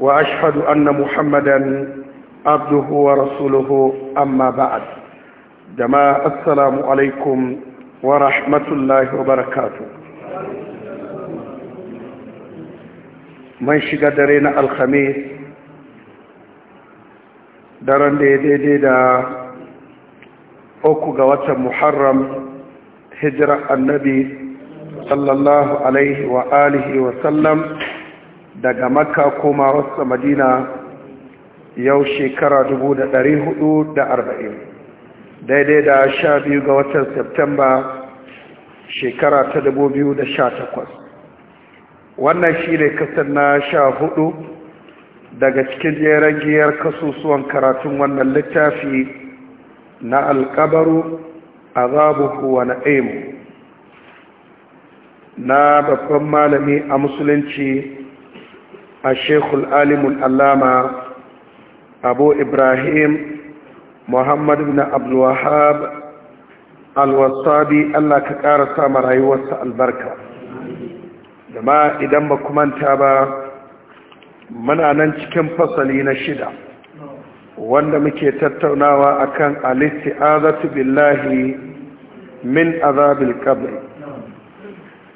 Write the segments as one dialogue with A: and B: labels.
A: وأشهد أن محمدا عبده ورسوله أما بعد جماعة السلام عليكم ورحمة الله وبركاته من شقدرين الخميس daren daidai da uku ga watan muharram hijira annabi sallallahu alaihi wa alihi wa sallam daga makka koma wasu madina yau shekara arba'in, daidai da sha biyu ga watan septemba shekara ta takwas. wannan shi ne kasar na sha hudu daga cikin jerin giyar kasusuwan karatun wannan littafi na alkabaru azabuhu wa na'imu na babban malami a musulunci الشيخ العالم العلامة أبو إبراهيم محمد بن عبد الوهاب الوصابي الله كقار سامر أيوة البركة جماعة إذا ما كمان تابا من أنا كم فصلي نشدة wanda muke tattaunawa akan al-isti'azatu billahi min azabil qabr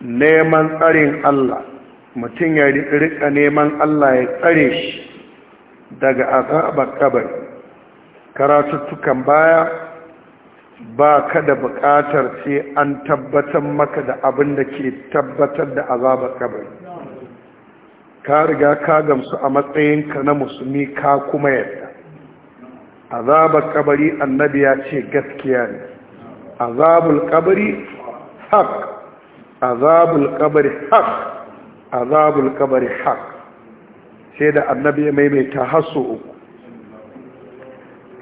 A: neman tsarin Allah mutum ya rika neman Allah ya tsare shi daga azabar kabari karatuttukan baya ba ka da bukatar sai an tabbatar maka da abin da ke tabbatar da azabar kabari ka riga ka gamsu a matsayinka na musulmi ka kuma yadda azabar kabari annabi ya ce gaskiya ne azabul kabari haq azabul kabari haq azabul kabari haq sai da annabi ya maimaita hasu uku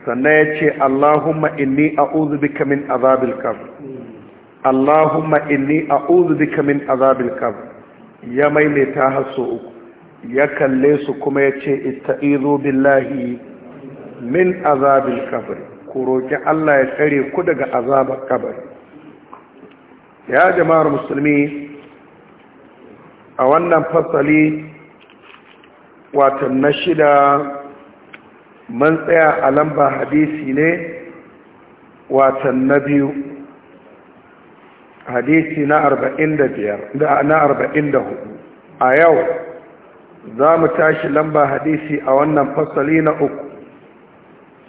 A: sannan ya ce allahumma inni a'udhu bika min azabil qabr allahumma inni a'udhu bika min azabil qabr ya maimaita hasu uku ya kalle su kuma ya ce ista'izu billahi min azabil qabr ku roƙi Allah ya tsare ku daga azabar kabari ya jama'ar musulmi a wannan fasali watan na shida man tsaya a lamba hadisi ne watan na biyu hadisi na arba'in da biyar na arba'in da hudu a yau za mu tashi lamba hadisi a wannan fasali na uku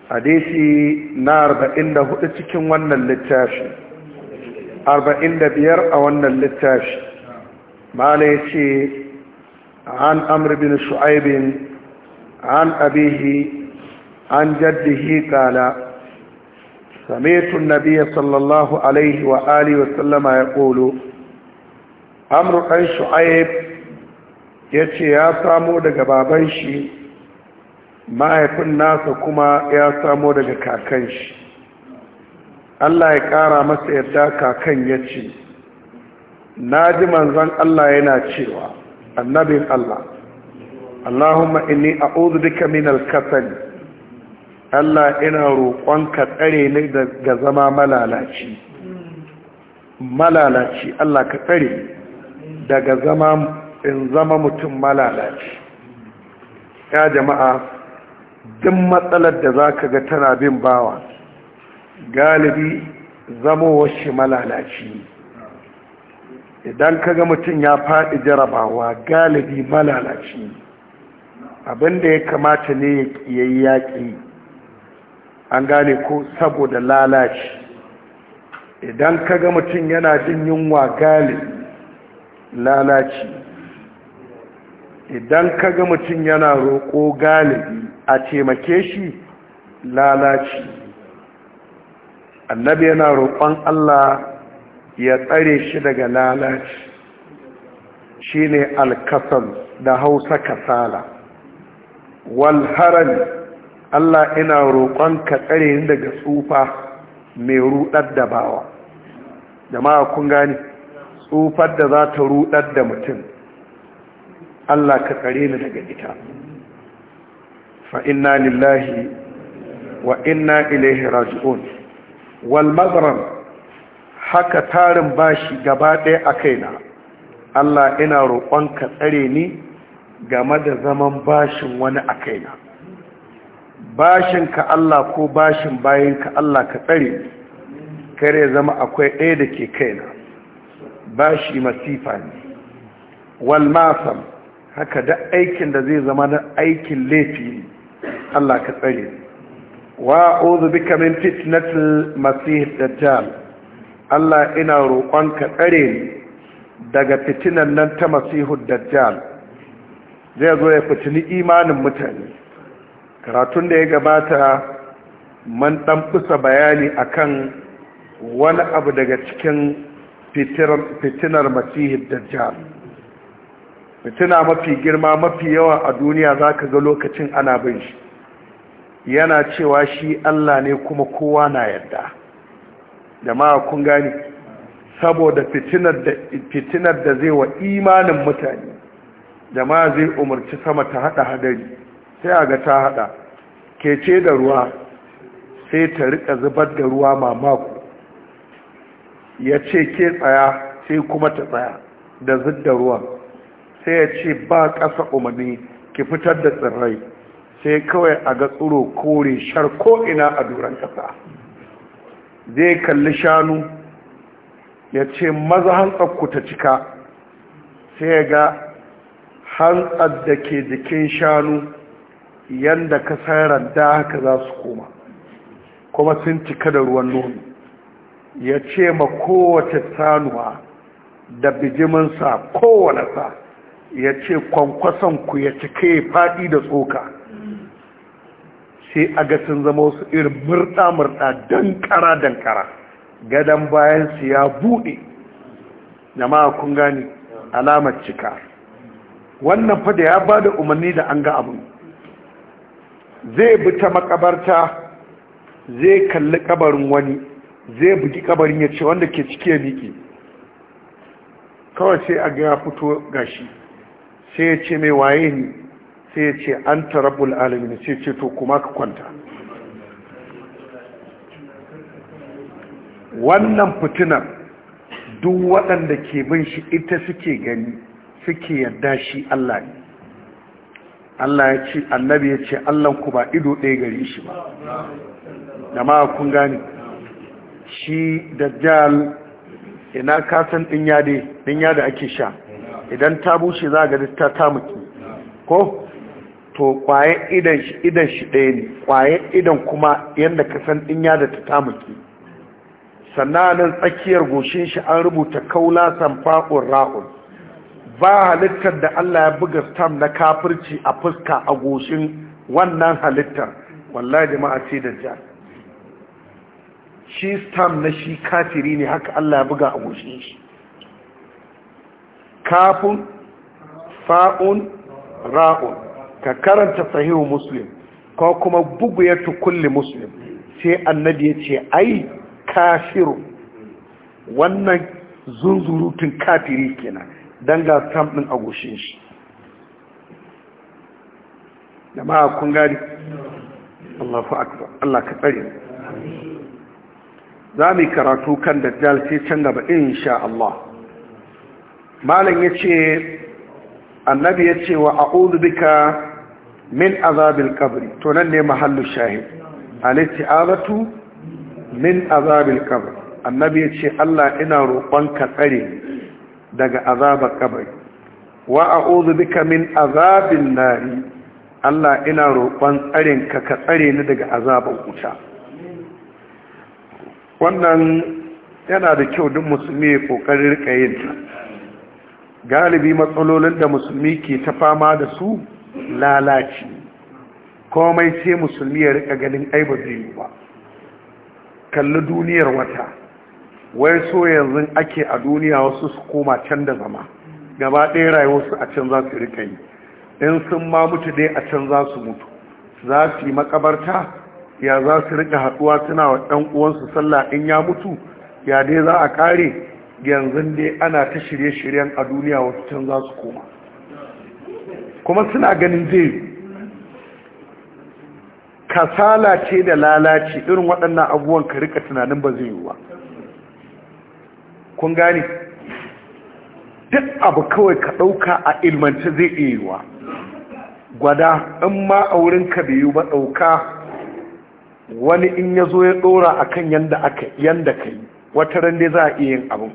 A: hadisi na arba'in da hudu cikin wannan littafi arba'in da biyar a wannan littafi mala ya ce an Amurbin shu'aibin an abihi an jaddihi kala سمعت النبي صلى الله عليه وآله ya يقول أمر Shu'aib ya yace ya samo daga baban shi mahaifin nasa kuma ya samo daga kakan shi Allah ya ƙara masa yadda kakan ya ce na ji manzan Allah yana cewa annabin Allah Allahumma inni a'udhu bika min al-kasal Allah ina roƙonka tsare ni daga zama malalaci malalaci Allah ka tsare daga zama in zama mutum malalaci ya jama'a duk matsalar da zaka ga tana bin bawa galibi zamo washi malalaci ne idan kaga mutum ya faɗi jarabawa galibi malalaci abinda ya kamata ne ya yi yaƙi an gane ko saboda lalaci idan kaga mutum yana jin yunwa galibi lalaci idan kaga mutum yana roƙo galibi a taimake shi lalaci annabi yana roƙon Allah ya tsare shi daga lalaci shi ne alkasan da hausa kasala walharan allah ina roƙon ka tsare ni daga tsufa mai ruɗar da bawa jama'a kun gani tsufar da za ta ruɗar da mutum allah ka tsare ni daga ita fa'inna lillahi wa inna ilaihi raji'un wal haka tarin bashi gaba ɗaya a kaina Allah ina roƙon ka tsare ni game da zaman bashin wani a kaina bashin ka Allah ko bashin bayan ka Allah ka tsare kare zama akwai ɗaya da ke kaina bashi masifa ne wal masam haka da aikin da zai zama na aikin laifi ne Allah ka tsare ni wa uzu bika min fitnatil masih dajjal Allah ina roƙon ka tsare daga fitinan nan ta masihu dajjal zai zo ya fitini imanin mutane karatun da ya gabata man ɗan kusa bayani akan wani abu daga cikin fitinar masihu dajjal fitina mafi girma mafi yawa a duniya za ka ga lokacin ana bin shi yana cewa shi Allah ne kuma kowa na yadda jama'a kun gani saboda fitinar da zai wa imanin mutane jama'a zai umarci sama ta hada hadari sai a ga ta hada kece da ruwa sai ta rika zubar da ruwa mamaku ya ce ke tsaya sai kuma ta tsaya da zidda ruwan sai ya ce ba ƙasa umarni ki fitar da tsirrai sai kawai a ga tsoro kore shar ko'ina a duran ƙasa zai kalli shanu ya ce maza hantsar ta cika sai ya ga hantsar da ke jikin shanu yadda ka sayarar da haka za su koma kuma sun cika da ruwan nono ya ce ma kowace sanuwa da bijiminsa kowane sa ya ce kwankwason ku ya cika ya faɗi da tsoka sai a ga sun zama wasu irin murɗa-murɗa ƙara-don danƙara gadon bayansu ya buɗe jama'a kun gani alamar cika wannan fada ya ba da umarni da an ga abin zai bi ta makabarta zai kalli kabarin wani zai bugi kabarin ya ce wanda ke ciki ya miƙe kawai sai a ga ya fito gashi sai ya ce mai waye ne sai ya ce an tarabbul alamin sai ce to kuma ka kwanta
B: wannan fitinar
A: duk waɗanda ke bin shi ita suke gani suke yadda shi Allah ne Allah ya ce annabi ya ce Allah ku ba ido ɗaya gari shi ba da ma kun gane shi dajjal ina kasan ɗin din ya yada ake sha idan ta bushe za ga ta tamuki ko to kwayan idan shi idan shi ɗaya ne kwayan idan kuma yadda ka san ɗin ya da ta tamuki sannanin tsakiyar goshin shi an rubuta kaula samfa'un ra'un ba halittar da Allah ya buga stam na kafirci a fuska a goshin wannan halittar wallahi jama'a ce da ja shi stam na shi kafiri ne haka Allah ya buga a goshin shi kafun fa'un ra'un ka karanta sahihu muslim ko kuma Bugu ya tukulli muslim sai annabi ya ce ai kafiru wannan zunzurutun kafiri kenan dan ga sam din agushin shi jama'a kun gari Allah ka tsare za mu karatu kan da sai can gaba insha Allah malam yace annabi yace wa a'udhu bika min azabil kabri to nan ne mahallu shahid al-isti'azatu min azabil kabri annabi ya ce Allah ina roƙon ka tsare daga azabar kabari wa a'udhu bika min azabin nari Allah ina roƙon tsarin ka ka tsare ni daga azabar wuta wannan yana da kyau duk musulmi ya kokarin rika yin ta galibi matsalolin da musulmi ke ta fama da su lalaci komai ce musulmi ya rika ganin aiba zai ba kalli duniyar wata wai so yanzu ake a duniya wasu su koma can da zama gaba ɗaya rayuwarsu a can za su rika yi in sun ma mutu dai a can za su mutu za su yi makabarta ya za su rika haɗuwa suna wa ɗan uwansu sallah in ya mutu ya dai za a kare yanzu dai ana ta shirye-shiryen a duniya wasu can za su koma kuma suna ganin zai kasala ce da lalaci irin waɗannan abubuwan ka rika tunanin ba zai yi kun gane duk abu kawai ka ɗauka a ilmanci zai iya gwada in ma a wurin ka biyu ba ɗauka wani in ya zo ya ɗora a kan yanda ka yi wata rande za a iya yin abin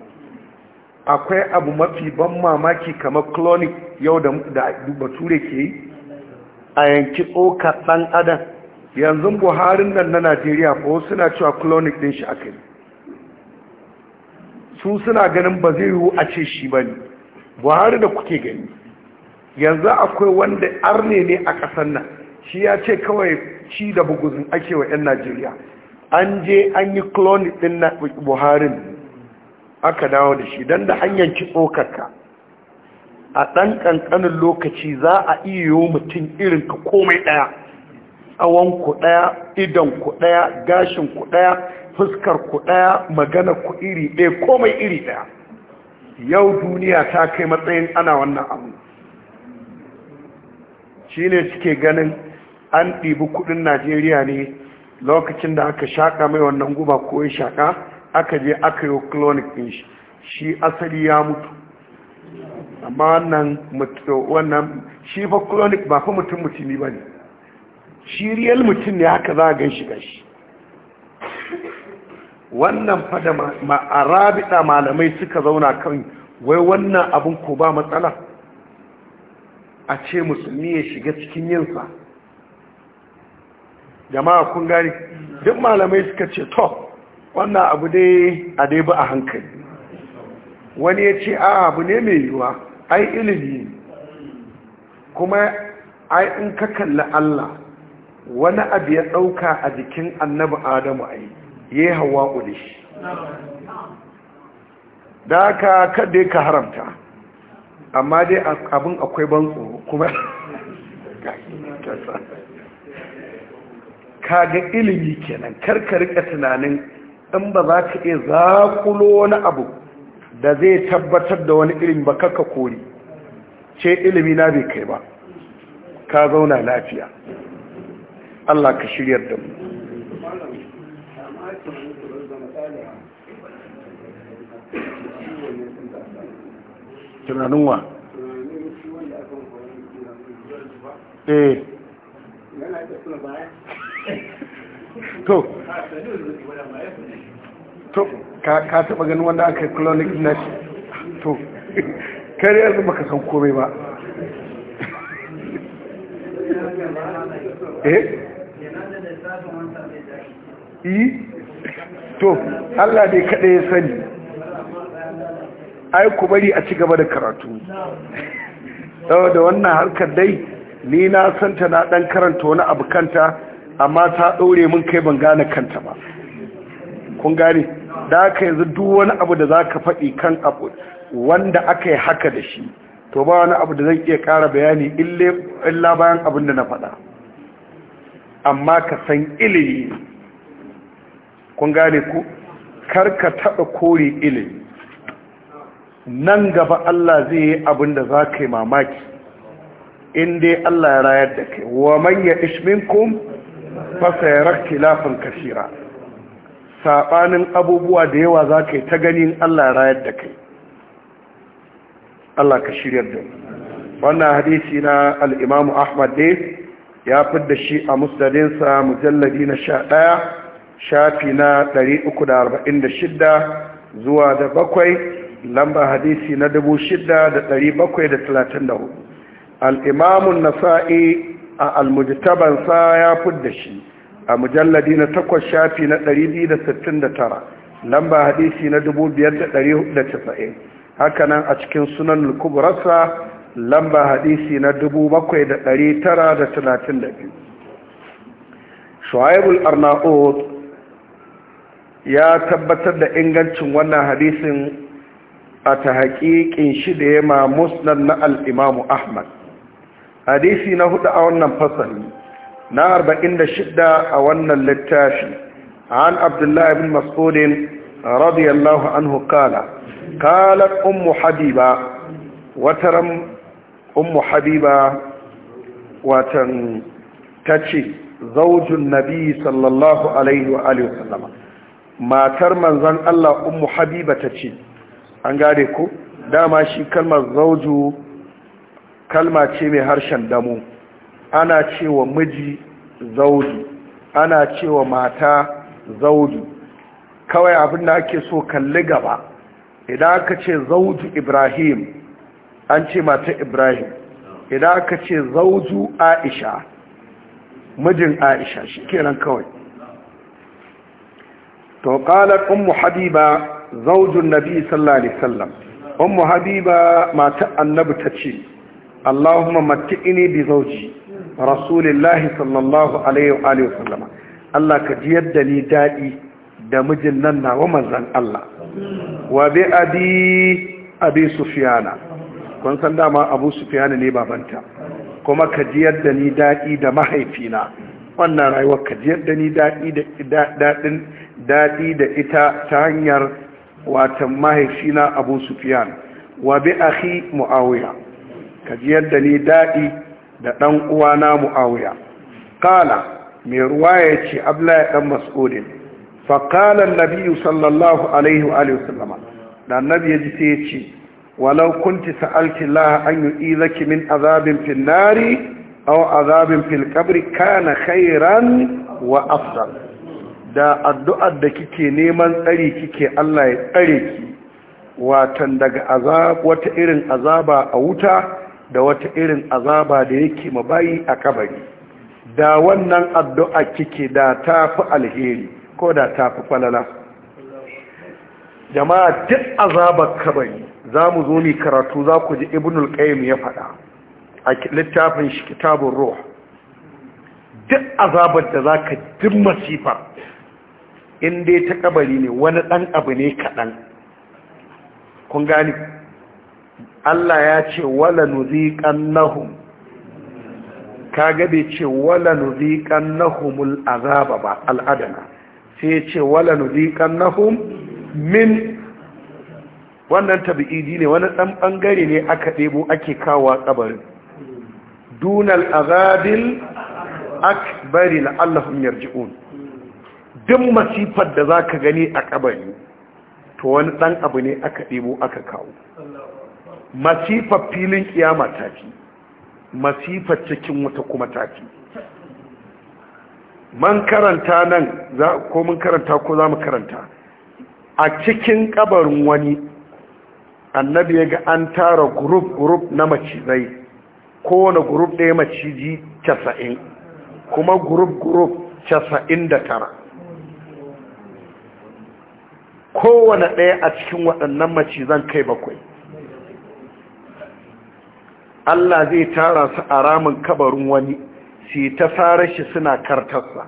A: akwai abu mafi ban mamaki kamar clonic yau da bature ke yi a yanki tsoka ɗan adam yanzu buharin nan na najeriya ko suna cewa clonic din shi aka yi su suna ganin ba zai yiwu a ce shi ba ne buhari da kuke gani yanzu akwai wanda arne ne a ƙasar nan shi ya ce kawai ci da buguzin ake wa 'yan najeriya an je an yi clonic din buharin aka dawo da shi don da hanyar ki tsokarka a ɗan ƙanƙanin lokaci za a iya yiwu mutum irin ka komai ɗaya awon ku ɗaya idan ku ɗaya gashin ku ɗaya fuskar ku ɗaya magana ku iri ɗaya komai iri ɗaya yau duniya ta kai matsayin ana wannan abu shi ne suke ganin an ɗibi kuɗin najeriya ne lokacin da aka shaƙa mai wannan guba ko ya shaƙa aka je aka yi clonic ɗin shi shi asali ya mutu amma wannan wannan shi fa clonic ba fa mutum mutumi ba ne shi real mutum ne haka za a gan shi gashi wannan fa da ma'arabita malamai suka zauna kan wai wannan abin ko ba matsala a ce musulmi ya shiga cikin yinsa jama'a kun gani duk malamai suka ce to wannan abu dai a dai ba a hankali wani ya ce a abu ne mai yiwuwa ai ilimi kuma ai in ka kalla Allah wani abu ya ɗauka a jikin annabi adamu ai ya yi hawa Ulishi. da aka kada ka haramta amma dai abin akwai ban tsoro kuma ga ilimi kenan karkar tunanin in ba za ka iya zakulo wani abu da zai tabbatar da wani irin ba kaka kori ce ilimi na bai kai ba ka zauna lafiya Allah ka shiryar da mu tunanin wa eh. to to ka taba ganin wanda aka yi clonic nash to kare yanzu baka san komai ba
B: eh yi eh? to allah dai kaɗai ya sani ai ku bari a ci gaba da karatu
A: da wannan harkar dai ni na santa na dan karanta wani abu kanta amma ta ɗaure min kai ban gane kanta ba kun gane da aka yanzu duk wani abu da za ka faɗi kan abu wanda aka yi haka da shi to ba wani abu da zan iya ƙara bayani illa bayan abin da na faɗa amma ka san ilimi kun gane ku karka taɓa kori ilimi nan gaba Allah zai yi abin da za ka yi mamaki in dai Allah ya rayar da kai wa manya ishmin ishminkum fasayarar kilafin kashira saɓanin abubuwa da yawa za ka yi ta ganin allah rayar da kai allah ka shiryar da wannan hadisi na al'imamu ahmad ne ya da shi a musnadinsa mujalladi na sha ɗaya shafi na 346 zuwa da bakwai lamba hadisi na 6734 al'imamun nasa'i a almujtabansa ya fudda shi a mujalladi na takwas shafi na 269 lamba hadisi na haka hakanan a cikin sunan al-kubrasa lamba hadisi na 7932 shu'aibul arnaud ya tabbatar da ingancin wannan hadisin a ta haƙiƙin shi da ya ma musnad na al-imamu ahmad hadisi na hudu a wannan fasali na arba'in da shidda a wannan littafi an abdullahi bin mas'udin radiyallahu anhu kala kalat ummu habiba wataram ummu habiba watan tace zaujun nabi sallallahu alaihi wa alihi wasallama matar manzon Allah ummu habiba tace an gare ku dama shi kalmar zauju kalma ce mai harshen damo ana cewa miji zauji ana cewa mata zauji kawai abin da ake so kalli gaba idan aka ce zaudu ibrahim an ce mata ibrahim idan aka ce zauju aisha mijin aisha shi kenan kawai to qalat ummu habiba zaujun nabi sallallahu alaihi wasallam ummu habiba mata annabi tace Allahumma matti'ini bi zawji rasulillahi sallallahu alaihi wa alihi wasallama Allah ka jiyar da ni dadi da mijin nan nawa manzon Allah wa bi abi abi sufyana kun san dama abu sufyana ne babanta kuma ka jiyar da ni dadi da mahaifina wannan rayuwar ka jiyar da ni dadi da dadin dadi da ita ta hanyar watan mahaifina abu sufyan wa bi akhi muawiya ka yadda ni daɗi da ɗan uwana mu'awuya Kala. mai ruwa ya ce abdullahi ɗan mas'udin faƙalan nabiyu sallallahu alaihi wa sallama da nabi ya ji ce walau kunti sa'alti laha an yi izaki min azabin fil nari azabin fil qabri kana khairan wa afdal da addu'ar da kike neman tsari kike Allah ya tsare ki watan daga azab wata irin azaba a wuta da wata irin azaba da yake bayi a kabari da wannan addu'a kike da ta fi alheri ko da ta fi falala jama'a duk azabar kabari za mu zo ne karatu za ku ji ibnul qayyim ya faɗa a littafin shi kitabun ruh duk azabar da za ka duk masifa in dai ta kabari ne wani ɗan abu ne kaɗan kun gani Allah ya ce wala nuziqannahum ka bai ce wala nahumul azaba ba al'adana sai ya ce wala nuziqannahum min wannan tabi'idi ne wani dan bangare ne aka debo ake kawo kabarin dunal azabil akbari la'allahum yarji'un duk masifar da zaka gani a kabari to wani ɗan abu ne aka ɗebo aka kawo
B: masifar
A: filin kiyama ta fi masifar cikin wata kuma ta fi man karanta nan ko mun karanta ko za mu karanta a cikin kabarin wani annabi ya ga an tara gurup-gurup na macizai kowane gurup ɗaya maciji casa'in kuma guruf gurup casa'in da tara kowane ɗaya a cikin waɗannan macizan kai bakwai Allah zai tara su a ramin kabarin wani su ta fara shi suna kartarsa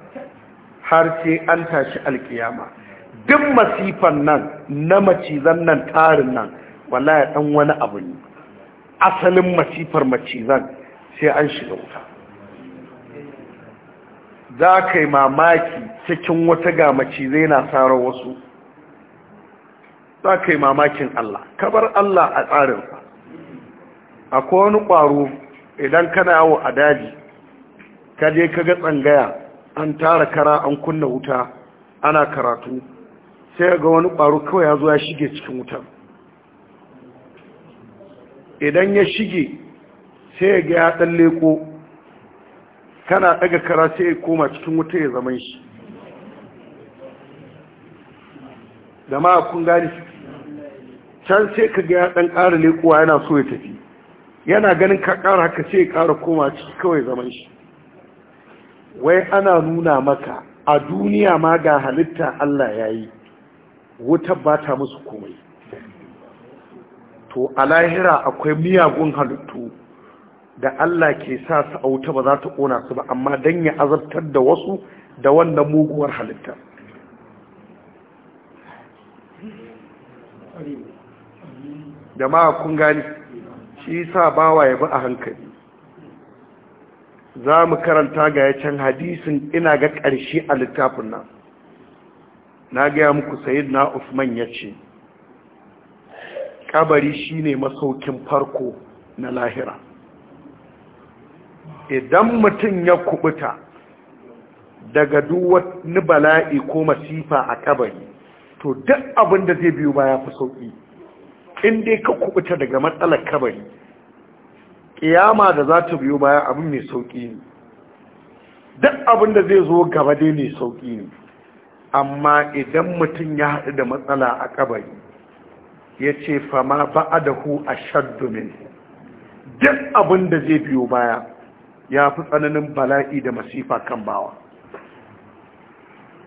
A: har sai an tashi alkiyama duk masifan nan na macizan nan tarin nan wallahi ɗan wani abu ne asalin masifar macizan sai an shiga wuta za ka yi mamaki cikin wata ga macizai na tsara wasu za ka yi mamakin Allah kabar Allah a tsarinsa akwai wani ƙwaro idan kana yawo a daji ka je ka ga tsangaya an tara kara an kunna wuta ana karatu sai ga wani ƙwaro kawai ya zo ya shige cikin wuta idan ya shige sai ga ya ɗan leko kana ɗaga kara sai ya koma cikin wuta ya zama shi da ma kun gani can sai ka ga ya ɗan ƙara lekowa yana so ya tafi yana ganin ka ƙara haka ce kara koma ciki kawai zaman shi wai ana nuna maka a duniya ma ga halitta Allah ya yi wutar ba ta musu komai to a lahira akwai miyagun halittu da Allah ke sa su a wuta ba za ta ƙona su ba amma don ya azabtar da wasu da wannan muguwar halitta ma kun gani shi sa bawa ya bi a hankali za mu karanta ga ya can hadisin ina ga ƙarshe a littafin nan na gaya muku sayid na usman ya ce Ƙabari shi ne masaukin farko na lahira idan mutum ya kubuta daga duwani bala'i ko masifa a ƙabari, to duk abin da zai biyu ya fi sauƙi in dai ka kubuta daga matsalar kabari kiyama da za ta biyo baya abin mai sauki ne duk abin da zai zo gaba dai mai sauƙi ne amma idan mutum ya haɗu da matsala a kabari ya ce fama ba'a da hu a shaddumin duk abin da zai biyo baya ya fi tsananin bala'i da masifa kan bawa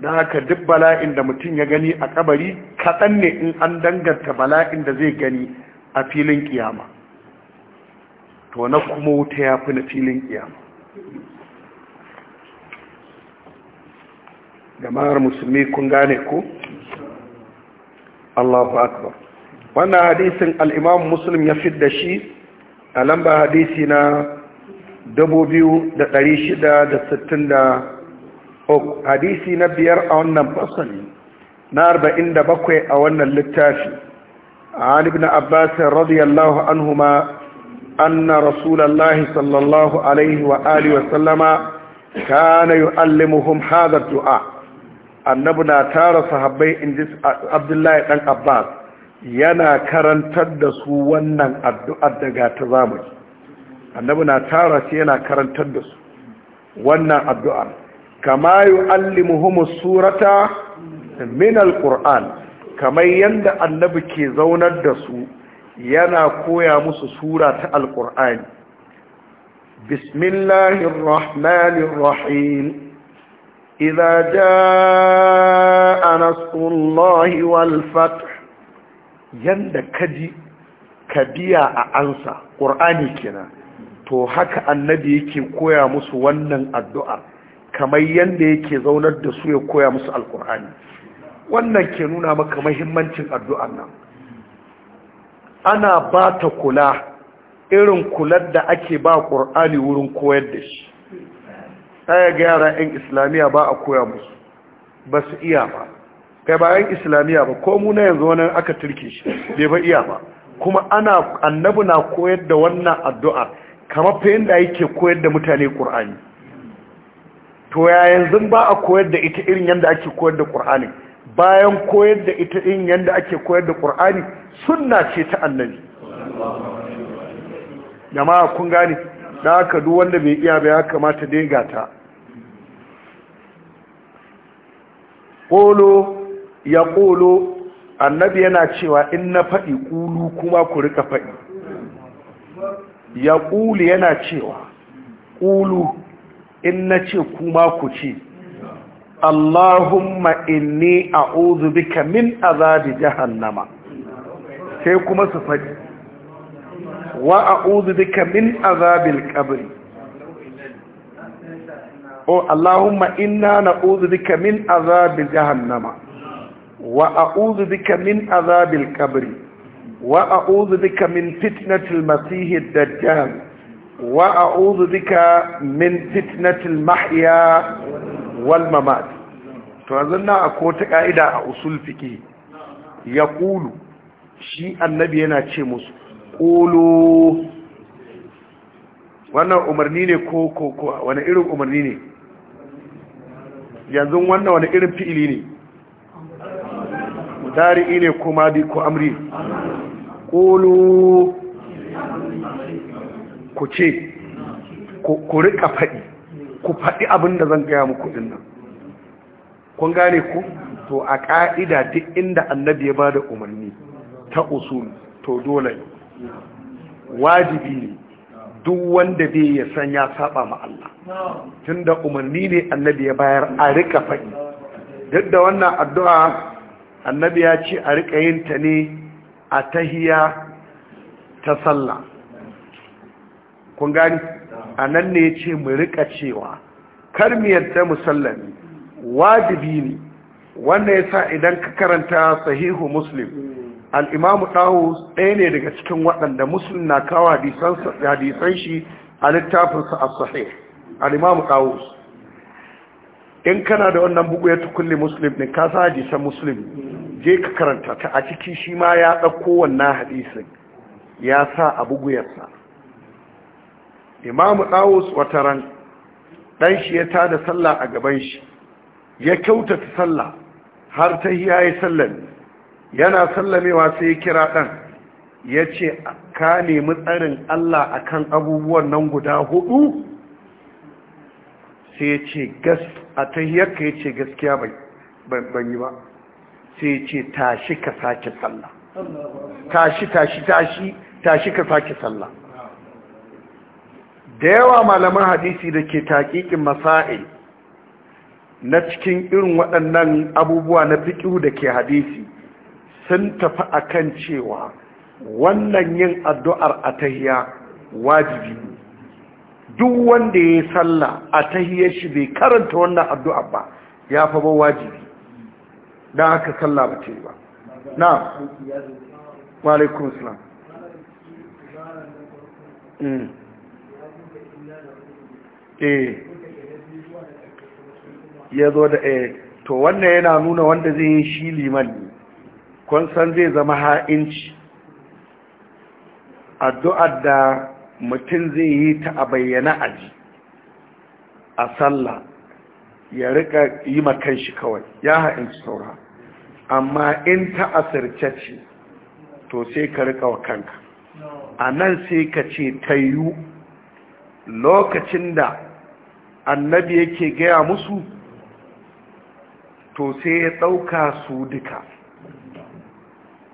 A: da haka duk bala'in da mutum ya gani a kabari kaɗan ne in an danganta bala'in da zai gani a filin kiyama to na kuma wuta ya fi na filin kiyama jama'ar musulmi kun gane ku? allahu akbar wannan hadisin al'imam muslim ya da shi a lamba hadisi na 2667 uku hadisi na biyar a wannan fasali na arba'in da bakwai a wannan littafi a ibn abbas radiyallahu anhuma anna rasulallahi sallallahu alaihi wa alihi wa sallama kana yu'allimuhum hadha du'a Annabu na tara sahabbai inji abdullahi dan abbas yana karantar da su wannan addu'ar daga ta zamani Annabu na tara shi yana karantar da su wannan addu'ar kama yu'allimuhum surata min Al-Ƙur'an. kamar yanda annabi ke zaunar da su yana koya musu sura ta alqur'ani bismillahir rahmanir rahim إذا جاء نصر الله yanda kaji ka biya a ansa ƙur'ani kenan to haka annabi yake koya musu wannan addu'ar kamar yadda yake zaunar da su ya koya musu alkur'ani wannan ke nuna maka mahimmancin addu'an nan ana ba ta kula irin kular da ake ba ƙur'ani wurin koyar da shi ɗaya ga yara 'yan islamiyya ba a koya musu ba su iya ba kai ba 'yan islamiyya ba ko mu na yanzu wani aka turke shi bai ba iya ba kuma ana annabi na koyar da wannan addu'a kamar fahimta yake koyar da mutane ƙur'ani to ya yanzu ba a koyar da ita irin yadda ake koyar da ƙur'ani bayan koyar da ita irin yadda ake koyar da ƙur'ani sunna ce ta annabi jama'a kun gane da haka duk wanda bai iya ba ya kamata dai gata ƙolo ya ƙolo annabi yana cewa in na faɗi ƙulu kuma ku rika faɗi
B: ya ƙuli yana
A: cewa ƙulu in na ce kuma ku ce Allahumma inni a'udhu bika min azabi jahannama sai kuma su faɗi wa a'udhu bika min azabil qabr o Allahumma inna na'udhu bika min azabi jahannama wa a'udhu bika min azabil qabr wa a'udhu bika min fitnatil masiihid dajjal wa a uzu duka min fitnatin mahiya wal mamad to zanna a ta ka'ida a usul fiki ya kulu shi annabi yana ce musu kulu wannan umarni ne ko ko ko wani irin umarni ne yanzu wannan wani irin fi'ili ne mutari ne ko madi ko amri kulu ku ce ku riƙa faɗi ku faɗi abin da zan gaya muku din nan kun gane ku to a ƙa'ida duk inda annabi ya ba da umarni ta usul to dole wajibi ne duk wanda bai ya san ya saba ma Allah tunda umarni ne annabi ya bayar a rika faɗi duk da wannan addu'a annabi ya ce a riƙa yin ta ne a tahiya ta sallah kun gani a nan ne ya ce mu rika cewa kar ta musallami wajibi ne wannan ya sa idan ka karanta sahihu muslim al'imamu ɗahu ɗaya ne daga cikin waɗanda muslim na kawo hadisan shi a littafinsa a sahih al'imamu ɗahu in kana da wannan bugu ya tukulli muslim ne ka sa hadisan muslim je ka karanta ta a ciki shi ma ya ɗauko wannan hadisin ya sa a buguyarsa imamu ɗawus wata ran ɗan shi ya tada sallah a gaban shi ya kyautata sallah har ta hiya ya sallami yana sallamewa sai ya kira ɗan ya ce ka nemi tsarin allah akan abubuwan nan guda hudu sai ya ce gas a ta hiyarka ya ce gaskiya ban yi ba sai ya ce tashi ka sake sallah
B: tashi tashi
A: tashi tashi ka sake sallah da yawa malaman hadisi da ke taƙiƙin masa'i na cikin irin waɗannan abubuwa na fiƙihu da ke hadisi sun tafi a kan cewa wannan yin addu'ar a tahiya wajibi duk wanda ya yi sallah a tahiyar shi bai karanta wannan addu'ar ba ya fa ba wajibi don haka sallah ba ce ba na walaikun islam hmm. eh ya zo da eh to wannan yana nuna wanda zai yi shi liman ne kun san zai zama ha'inci addu'ar da mutum zai yi ta a bayyana aji a sallah ya rika yi makan shi kawai ya ha'inci saura amma in ta asirce ce to sai ka rika wa kanka a nan sai ka ce ta yiwu lokacin da annabi yake gaya musu to sai ya ɗauka su duka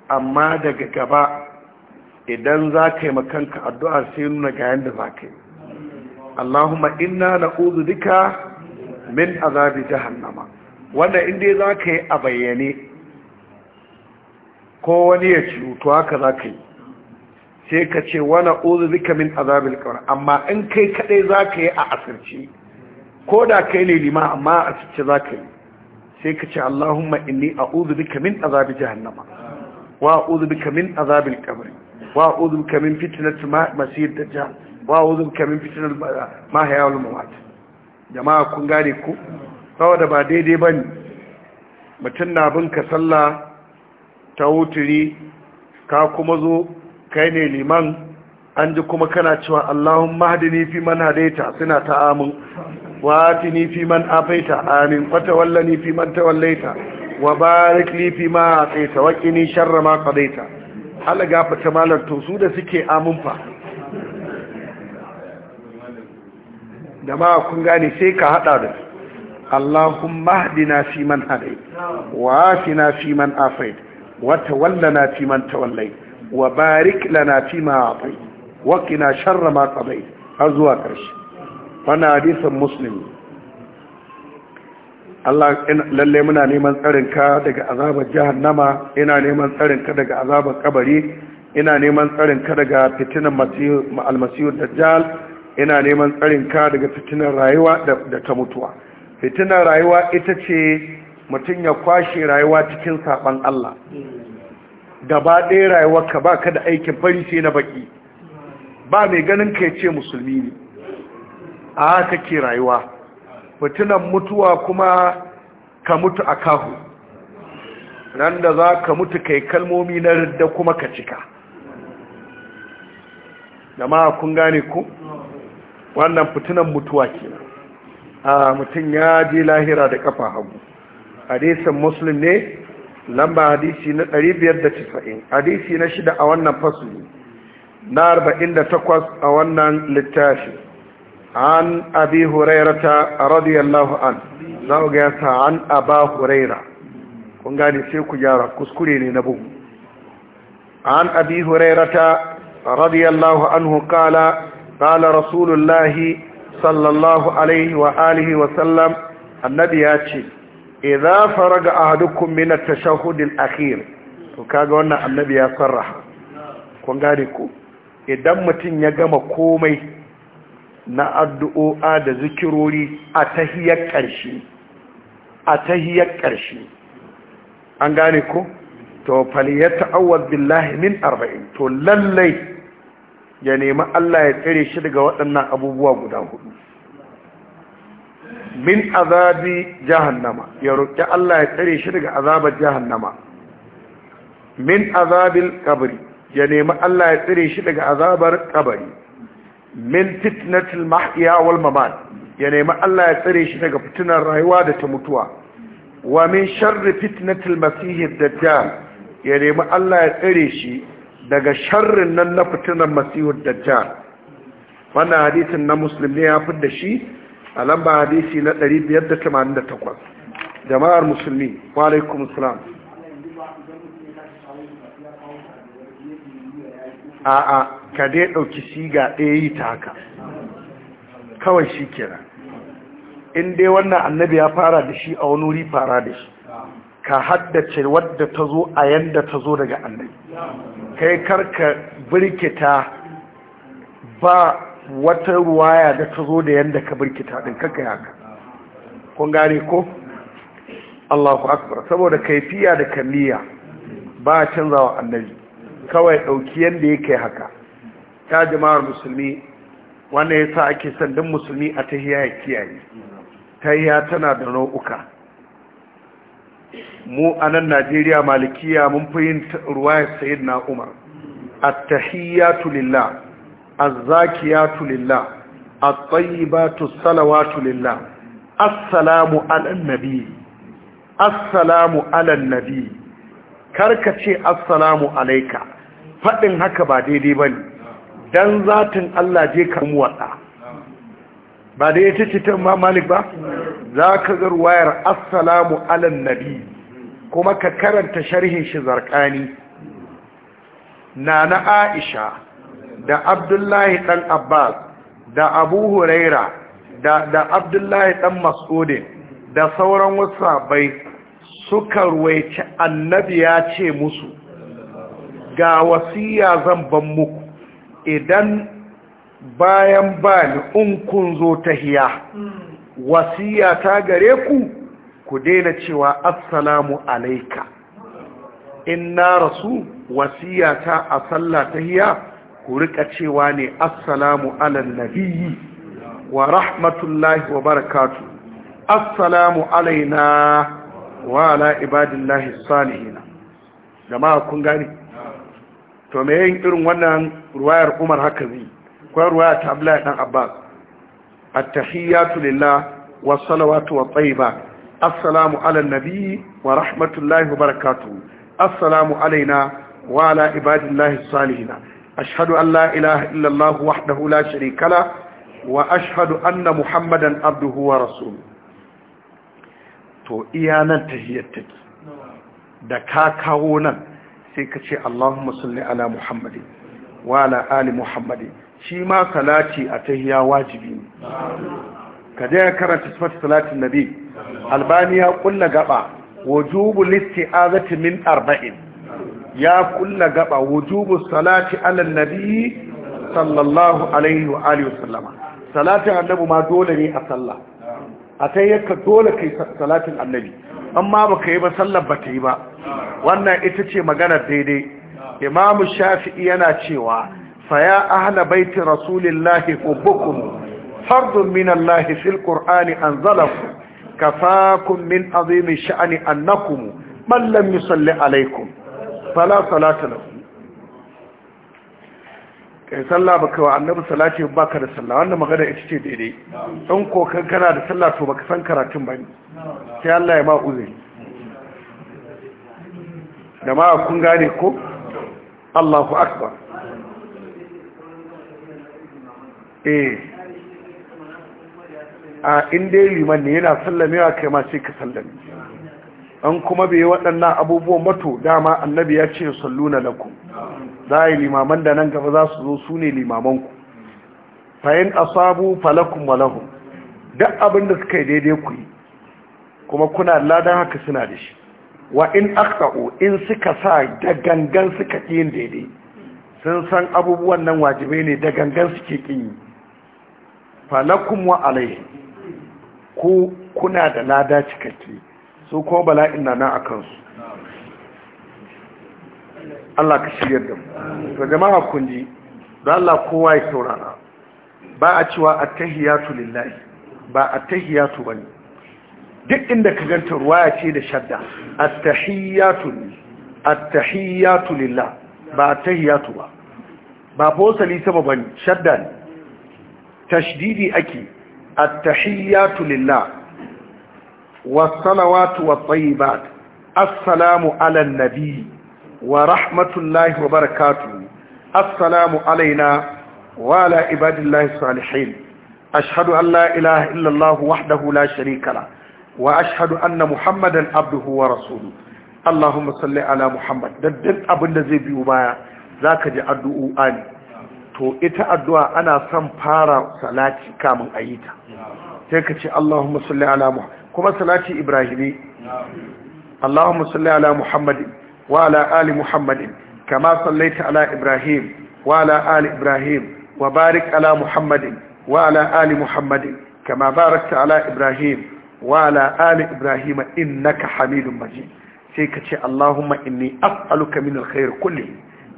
A: amma daga gaba idan za ka yi makanka addu'a sai nuna ga yadda za ka yi allahumma inna na ƙuzu duka min azabi jahannama wanda inda za ka yi a bayyane ko wani ya ci to haka za ka yi sai ka ce wani zika min azabin kawar amma in kai kadai za ka yi a asirci ko da kai ne lima amma a asirce za ka yi sai ka ce allahumma inni a zika min azabin jahannama wa zika min azabin kabri wa zika min fitinat masir da ja wa zika min fitinat mahayawar mawat jama'a kun gane ku saboda ba daidai ba ne mutum na bin ka sallah ta wuturi ka kuma zo kai ne liman an ji kuma kana cewa Allahumma hadini fi man hadaita suna ta amin wa atini fi man afaita amin wa tawallani fi man tawallaita wa barik li fi ma ataita wa qini sharra ma qadaita Allah gafarta malar to su da suke amin fa da ma kun gane sai ka hada da Allahumma hadina fi man hadaita
B: wa atina
A: fi man afaita wa tawallana fi man tawallaita wa barik lana fi ma atai wa qina sharra ma qadai har zuwa karshe wannan hadisin muslim Allah lalle muna neman tsarin ka daga azabar jahannama ina neman tsarin ka daga azabar kabari ina neman tsarin ka daga fitinan almasiyu dajjal ina neman tsarin ka daga fitinan rayuwa da ta mutuwa fitinan rayuwa ita ce mutum ya kwashe rayuwa cikin saban Allah gaba ɗaya rayuwarka ba ka da aikin fari sai na baki ba mai ganin ka ce musulmi ne a haka ke rayuwa mutunan mutuwa kuma ka mutu a kahu nan da za ka mutu kai kalmomi na ridda kuma ka cika jama'a kun gane ku wannan fitinan mutuwa ke a mutum ya je lahira da kafa hagu hadisin muslim ne lamba hadisi na 590 hadisi na shida a wannan fasuli na 48 a wannan littafi an abi hurairata radiyallahu an za ku ga yasa an aba huraira kun gane sai ku gyara kuskure ne na bugu an abi hurairata radiyallahu anhu kala kala rasulullahi sallallahu alaihi wa alihi wa sallam annabi ya ce idza faraga ahadukum min at-tashahhud al-akhir to kaga wannan annabi ya sarraha kun gane ku idan mutum ya gama komai na addu'o'a da zikirori a tahiyar ƙarshe a tahiyar ƙarshe an gane ku to faliyata awwaz billahi min arba'in to lallai ya nemi Allah ya tsare shi daga waɗannan abubuwa guda hudu min azabi jahannama ya roƙi Allah ya tsare shi daga azabar jahannama min azabil kabari ya nemi Allah ya tsare shi daga azabar kabari min fitnatil mahya wal mamat ya nemi Allah ya tsare shi daga fitinar rayuwa da ta mutuwa wa min sharri fitnatil masih dajjal ya nemi Allah ya tsare shi daga sharrin nan na fitinar masih dajjal wannan hadisin na muslim ne ya fi da shi a lamba hadisi na 588 jama'ar musulmi wa salam
B: a a ka dai
A: ɗauki siga ɗaya yi ta haka kawai shi kenan in dai wannan annabi ya fara da shi a wani wuri fara da shi ka haddace wadda ta zo a yadda ta zo daga annabi kai karka birkita ba wata ruwaya da ta zo da yadda ka birki taɗin kaka yaka kun gane ko Allahu akbar saboda kaifiya da kalliya ba a canzawa annabi kawai ɗauki yadda ya kai haka ta jama'ar musulmi wanda ya sa ake sandin dan musulmi a tahiyya ya kiyaye tahiyya tana da nau'uka mu a nan Najeriya malikiya mun fi yin ruwayar na Umar ta lillah azzakiyatu lillah at-tayyibatu salawatu lillah assalamu ala nabi assalamu ala nabi karka ce assalamu alaika faɗin haka ba daidai ba ne don zatin Allah je ka kamu waɗa ba da ya ce ta malik ba za ka zarwayar assalamu ala nabi kuma ka karanta sharhin shi zarkani na na aisha da abdullahi ɗan abbas da abu huraira da abdullahi ɗan mas'udin da sauran wasu bai suka ruwaici annabi ya ce musu ga wasiya zan ban muku idan bayan bani in kun zo ta hiya wasiya ta gare ku ku daina cewa assalamu alaika in na rasu wasiya ta a sallah ta hiya ku rika cewa ne assalamu ala nabiyyi wa rahmatullahi wa barakatu assalamu alaina wa ala ibadillahi salihina jama'a kun gani to me yin irin wannan ruwayar Umar haka zai ko ruwaya ta Abdullahi dan Abbas at-tahiyatu lillah was salawatu wat tayyiba assalamu ala nabiyyi wa rahmatullahi wa barakatuh assalamu alaina wa ala ibadillahi salihina أشهد أن لا إله إلا الله وحده لا شريك له وأشهد أن محمدا عبده ورسوله to iya nan tahiyyar da ka kawo nan sai ka ce Allahumma salli ala Muhammadin wa ala ali Muhammadin shi ma salati a tahiyya wajibi ne ka je karanta sifat salatin nabi albani ya kulla gaba wujubu listi'azati min arba'in ya kulla gaba wujubu salati ala nabi sallallahu alaihi wa alihi wasallama salatin annabi ma dole ne a sallah a sai yakka dole kai salatin annabi amma baka yi ba sallar ba ta yi ba wannan ita ce magana daidai imamu shafi'i yana cewa fa ya ahla baiti rasulillahi ubukum fardun min Allah fil qur'ani anzalahu kafakum min azimi sha'ani annakum man lam yusalli alaikum fala salata lahu kai sallah baka wa annabi salati baka da sallah wannan magana ita ce daidai in ko kan kana da sallah to baka san karatun bane sai Allah ya ma uzuri jama'a kun gane ko Allahu akbar eh a inda liman ne yana sallamewa kai ma sai ka sallame an kuma bai waɗannan abubuwan mato dama annabi ya ce salluna lakum za a yi limaman da nan gaba za su zo su ne limamanku fayin Sabu falakun walahun duk abin da suka yi daidai ku yi kuma kuna ladan haka suna da shi wa in akta'u in suka sa da gangan suka yin daidai sun san abubuwan nan wajibai ne da gangan suke ƙi yi falakun wa alaihi ku kuna da lada cikakke su ko bala'in na na a kansu Allah ka shiryar da mu to jama'a kun ji don Allah kowa ya saurara ba a cewa attahiyatu lillahi ba attahiyatu bane duk inda ka ganta ruwaya ce da shadda attahiyatu attahiyatu lillahi ba attahiyatu ba ba fosali sama bane shadda ne tashdidi ake attahiyatu lillahi والصلوات والطيبات السلام على النبي ورحمة الله وبركاته السلام علينا وعلى عباد الله الصالحين أشهد أن لا إله إلا الله وحده لا شريك له وأشهد أن محمدا عبده ورسوله اللهم صل على محمد ددن أبن زيبي وبايا ذاك جاء الدعواني to ita addu'a ana son fara salati kamun ayita sai ka ce Allahumma salli ala Muhammad kuma salati ibrahimi Allahumma salli ala Muhammadin wa ala ali Muhammadin kama sallaita ala Ibrahim wa ala ali Ibrahim wa barik ala Muhammadin wa ala ali Muhammadin kama barakta ala Ibrahim wa ala ali Ibrahim innaka Hamidum Majid sai ka ce Allahumma inni as'aluka min alkhair kulli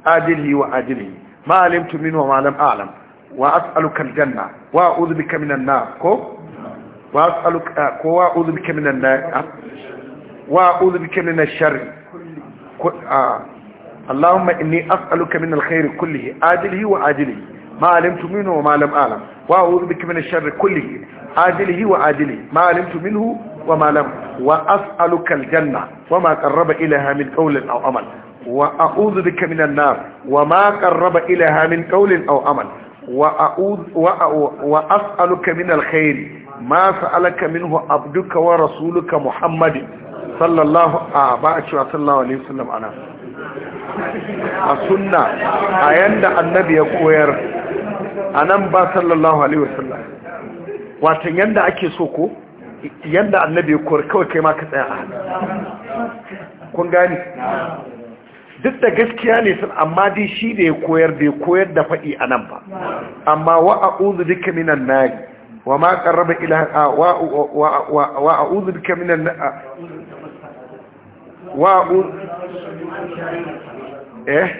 A: ajili wa ajili ma alimtu wa ma lam a'lam wa as'aluka aljanna wa a'udhu bika minan na, ko وأسألك آه، وأعوذ بك من النار وأعوذ بك من الشر آه. اللهم إني أسألك من الخير كله آجله وآجله ما علمت منه وما لم أعلم وأعوذ بك من الشر كله آجله وآجله ما علمت منه وما لم وأسألك الجنة وما قرب إليها من قول أو عمل وأعوذ بك من النار وما قرب إليها من قول أو عمل وأعوذ وأسألك من الخير ma sa'alaka minhu abduka wa rasuluka muhammad sallallahu a ba a cewa sallallahu alaihi wasallam ana
B: a sunna a yanda annabi ya koyar anan
A: ba sallallahu alaihi wasallam watan yanda ake so ko yanda annabi ya koyar kawai kai ma ka tsaya a hannu kun gani duk da gaskiya ne sun amma dai shi da ya koyar da ya koyar da faɗi a nan ba amma wa a uzu duka minan nari wa ma qarraba ila wa wa wa min al wa
B: eh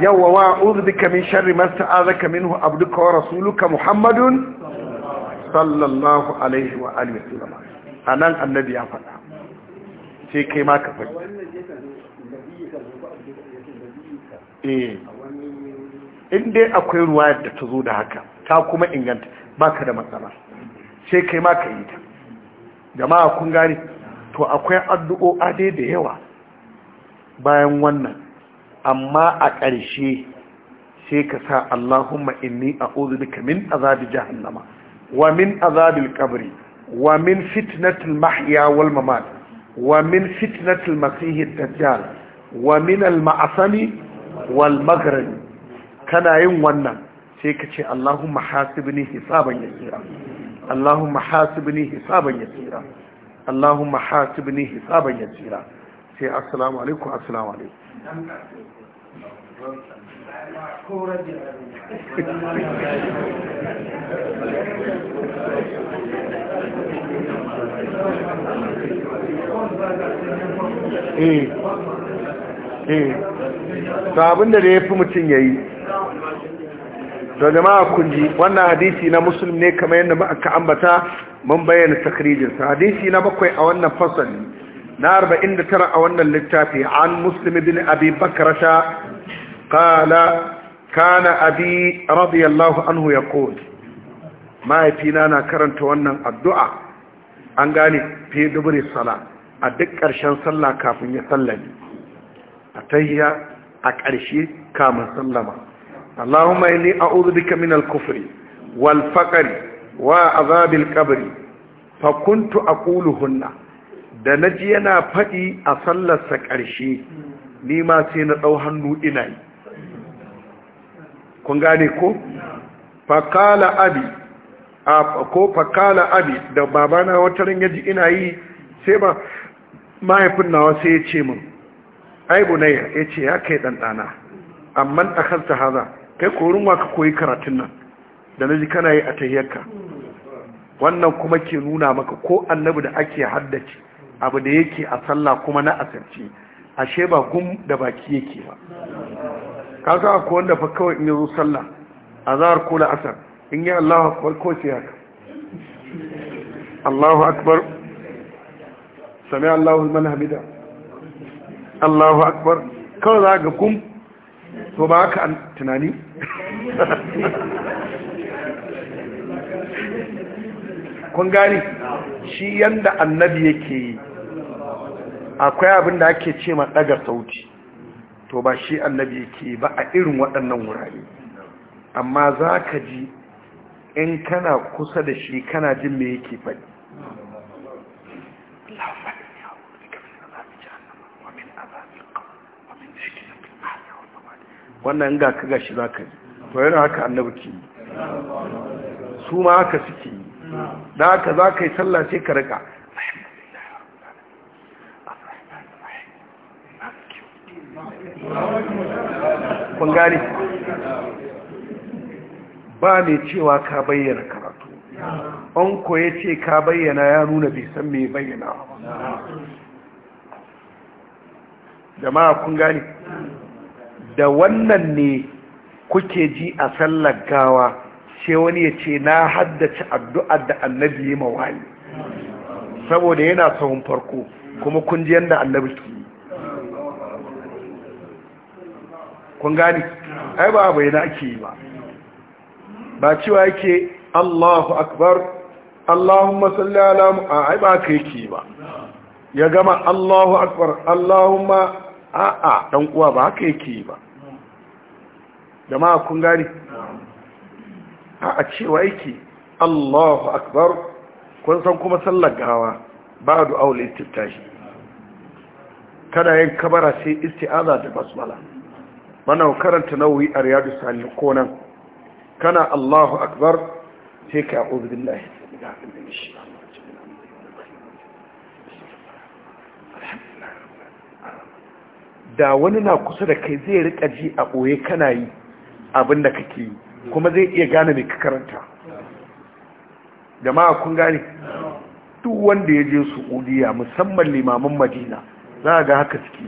B: yawa
A: wa a'udhu bika min sharri ma sta'adhaka minhu wa rasuluka muhammadun sallallahu alaihi wa alihi kai ma eh. in dai akwai ruwa da ta zo da haka ta kuma inganta ba ka da matsala sai kai ma ka yi ta jama'a kun gane to akwai addu'o'a dai da yawa bayan wannan amma a ƙarshe sai ka sa Allahumma inni a'udhu bika min azabi jahannama wa min azabil qabri wa min fitnatil mahya wal mamat wa min fitnatil masihid dajjal wa min al ma'asami wal maghrib kana yin wannan sai ka ce Allahumma hasibni hisaban yasira Allahumma hasibni hisaban yasira Allahumma hasibni hisaban yasira sai assalamu alaikum
B: assalamu alaikum eh eh ga abin
A: da ya fi mutum ya yi to jama'a kun ji wannan hadisi na muslim ne kamar yadda aka ambata mun bayyana takrijin hadisi na bakwai a wannan fasali na 49 a wannan littafi an muslim bin abi bakrata qala kana abi radiyallahu anhu mahaifina na karanta wannan addu'a an gane fi dubri sala a duk ƙarshen sallah kafin ya sallami a tahiya a ƙarshe kamun sallama اللهم إني أعوذ بك من الكفر والفقر وعذاب a فكنت hunna da na ji yana faɗi a sallarsa ƙarshe nima sai na ɗau hannu ina yi kun gane ko? fakala abi ko fakala abi da babana wata yaji ina yi sai ba mahaifin nawa sai ya ce min ai bunayya ya ce ya kai ɗanɗana amman a kansa haza kai korin wa ka koyi karatun nan da na ji kana yi a tahiyarka wannan kuma ke nuna maka ko annabi da ake haddace abu da yake a sallah kuma na asirci ashe ba gum da baki yake ba ka sa ko wanda fa kawai in yazo sallah azhar ko la asar in yi Allahu akbar ko sai haka Allahu akbar sami Allahu liman hamida Allahu akbar kawai za ga gum to ba haka an tunani kun gani shi yanda
B: annabi yake yi
A: akwai abin da ake ce ma daga sauti to ba shi annabi yake ba a irin waɗannan wurare amma za ka ji in kana kusa da shi kana jin me yake faɗi wannan ga ka gashi za ka yi to yana haka annabi ke yi su ma haka suke yi da haka za ka yi sallah sai ka rika kun ba mai cewa ka bayyana karatu an koya ce ka bayyana ya nuna bai san mai bayyana jama'a kun gane da wannan ne kuke ji a sallar gawa sai wani ya ce na haddace addu'ar da annabi yi mawali saboda yana sahun farko kuma kun ji yadda annabi yi. kun gani ai ba abu yana ake yi ba ba cewa yake allahu akbar allahumma salli ala a ai ba ka yake ba ya gama allahu akbar allahumma a'a dan uwa ba haka yake ba jama'a kun gani? a cewa yake Allahu akbar kun san kuma sallar gawa ba da aule istiftashi kada yin kabara sai isti'aza da basmala mana karanta nauyi a riyadu salihin konan kana Allahu akbar sai ka a'udhu billahi da wani na kusa da kai zai rika ji a ɓoye kana yi abin da kake yi kuma zai iya gane mai karanta jama'a kun gane duk wanda ya je su udiya musamman limamin madina za a ga haka suke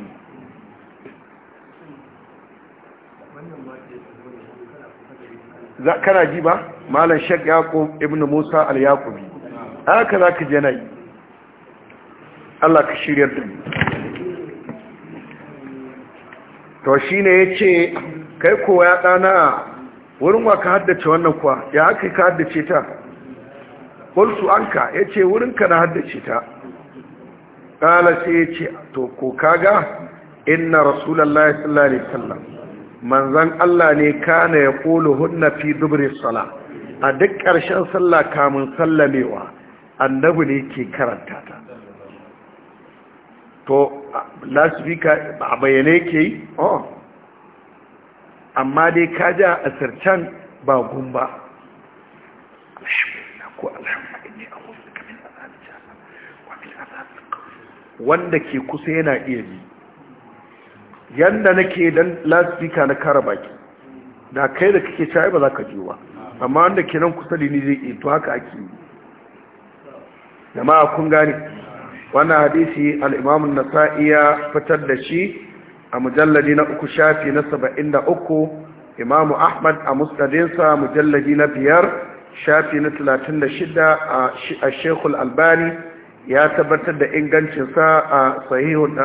A: yi kana ji ba malam shek yaqub ibn musa al-yaqubi haka ka je nayi Allah ka shiryar da mu to shine yace kai kowa ya ɗana wurin wa ka haddace wannan kuwa ya haka ka haddace ta ƙulsu an ka ya ce ka na haddace ta ƙala sai ya ce to ko kaga inna rasulallah sallallahu alaihi wasallam manzan Allah ne kana ya ƙulu hunna fi dubri sala a duk ƙarshen sallah kamun sallamewa annabi ne ke karanta ta to lasifika a bayyane ke yi oh. amma dai ka ji a sircan ba gumba wanda ke kusa yana iya ji yadda nake dan lasifika na kara baki na kai da kake sha'i ba za ka ji ba amma wanda ke nan kusa da ni zai iya to haka ake yi jama'a kun gane wannan hadisi al'imamun nasa'i ya fitar da shi a mujalladi na uku shafi na saba'in da uku imamu ahmad a musadinsa mujalladi na biyar shafi na talatin da shida a shekul albani ya tabbatar da ingancinsa a sahihun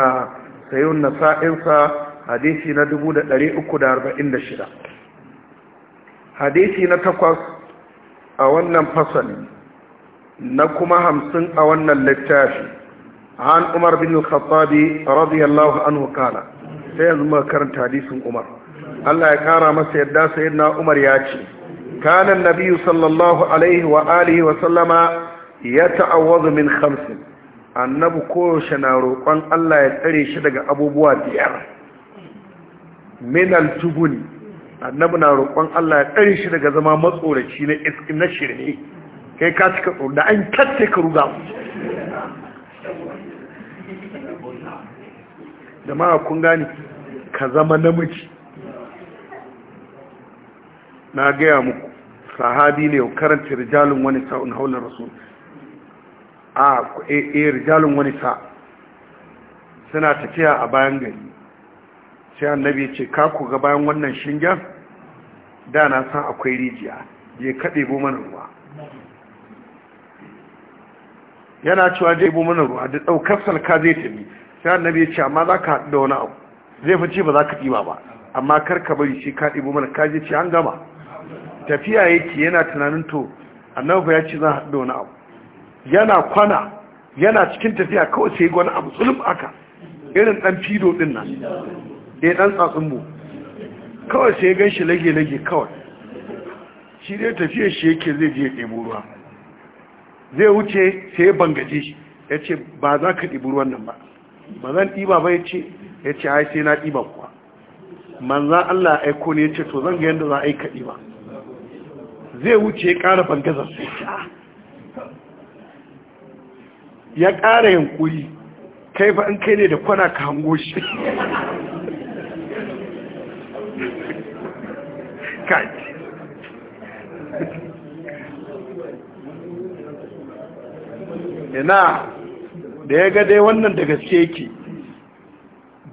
A: sa'insa hadisi na dubu da ɗari uku da arba'in da shida hadisi na takwas a wannan fasali na kuma hamsin a wannan littafi عن عمر بن الخطاب رضي الله عنه قال sai yanzu muka karanta hadisin Umar Allah ya kara masa yadda sayyidina Umar ya ce kana nabiyyu sallallahu alaihi wa alihi wa sallama yata'awwadhu min khamsin annabi koyaushe na roƙon Allah ya tsare shi daga abubuwa biyar min al tubun annabi na roƙon Allah ya tsare shi daga zama matsoraci na iskin na kai ka cika tsoro da an kace ka ruga jama'a kun gani ka zama namiji na gaya muku sahabi ne karanta rijalun wani sa'un haular rasul a eh rijalun wani sa suna tafiya a bayan gari sai annabi ce ka ku ga bayan wannan shingen da na san akwai rijiya je kaɗe bo ruwa yana cewa je bo ruwa da ɗaukar salka zai tafi sai annabi ya ce amma za ka haɗu da wani abu zai fi ce ba za ka ɗiba ba amma kar ka bari shi ka ɗibo mana ka je ce an gama tafiya yake yana tunanin to annabi ya ce za haɗu da wani abu yana kwana yana cikin tafiya kawai sai wani abu tsulum aka irin ɗan fido ɗin nan ɗaya ɗan tsatsun mu kawai sai gan shi lage-lage kawai shi dai tafiyar shi yake zai je ɗebo ruwa zai wuce sai bangaje shi ya ce ba za ka ɗibi ruwan nan ba ba zan ɗiba ba ya ce ya ce ai sai na ɗiba kuwa manzan Allah ya aiko ne ya ce to zan ga yadda za a yi kaɗi ba zai wuce ya ƙara bangazar su ah. ya ƙara yankuri kai ba in kai ne da kwana ka hango shi ina da ya ga dai wannan da gaske yake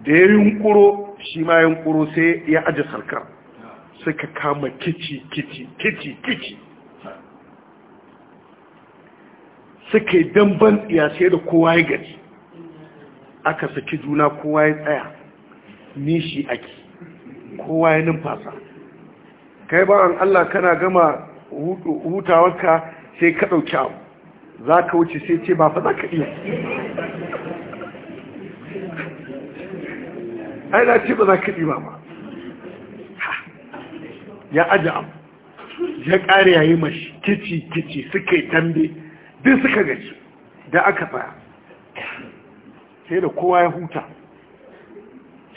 A: da ya yunkuro shi ma yunkuro sai ya aji sarkar suka kama kici kici kici kici suka yi damban sai da kowa ya gaji aka saki juna kowa ya tsaya nishi ake kowa ya numfasa kai ba an Allah kana gama hutawarka sai ka ɗauki abu za ka wuce sai ce ba fa za ka iya
B: ai na ce ba za ka
A: iya ba ya aji abu ya ƙare ya yi mashi kici kici suka yi tambe duk suka gaji da aka tsaya sai da kowa ya huta